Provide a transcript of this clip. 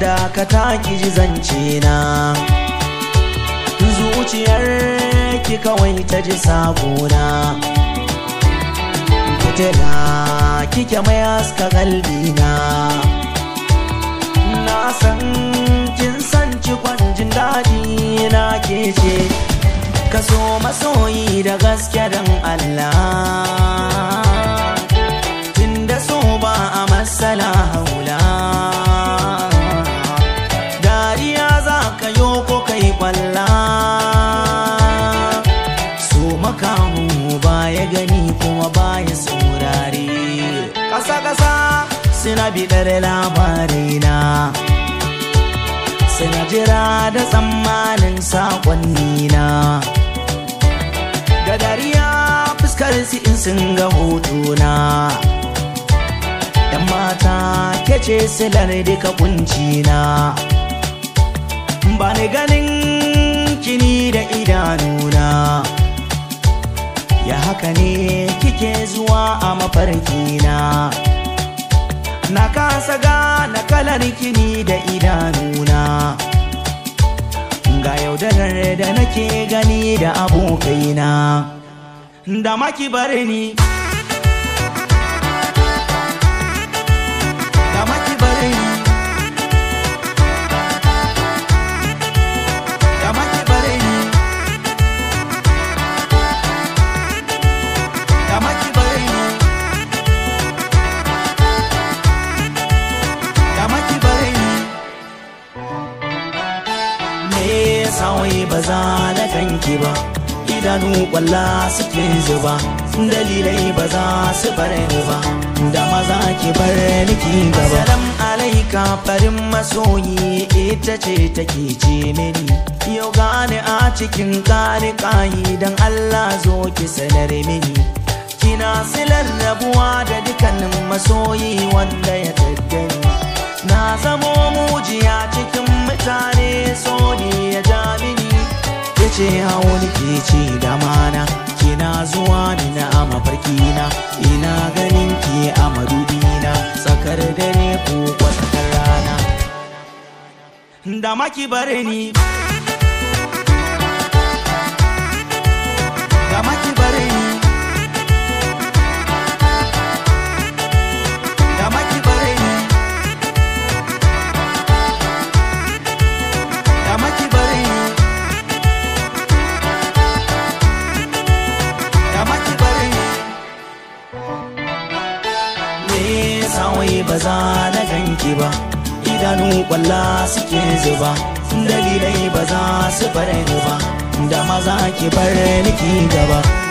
da ka taki ji zance na zuciyar ki kawai ta ji sabona kutela kike mai aska galbi na na san kin san ci kwanjin daji na ke ce ka so masoyi da gaske don Allah suna bidar labarina suna jira da tsammanin sakonnina ga dariya fuskar su in sun ga hotona ɗan mata ke kece silar duka kuncina ba ni ganin kini da idanuna ya haka ne kike zuwa a mafarkina na kasa gane kalar kini da idanuna ga yaudarar da nake gani da abokaina da maki bari ni da maki bari ni da maki bari ni da kawai ba za na ganki ba idanu kwalla suke zuba dalilai ba za su bare ni ba da maza ki bar ki gaba salam alaika farin masoyi ita ce take ce mini yau gane a cikin kare kayi dan Allah zo ki sanar mini kina silar rabuwa da dukkanin masoyi wanda ya tattani na zamo mujiya cikin mutane so ne ce hawo ke ci da mana kina zuwa ni na a mafarkina ina ganin ke a madubina tsakar dare ko kwatakar rana da maki bare ni da maki ba za na ganki ba idanu kwalla suke zuba dalilai ba za su bare ba da maza ki bar ki gaba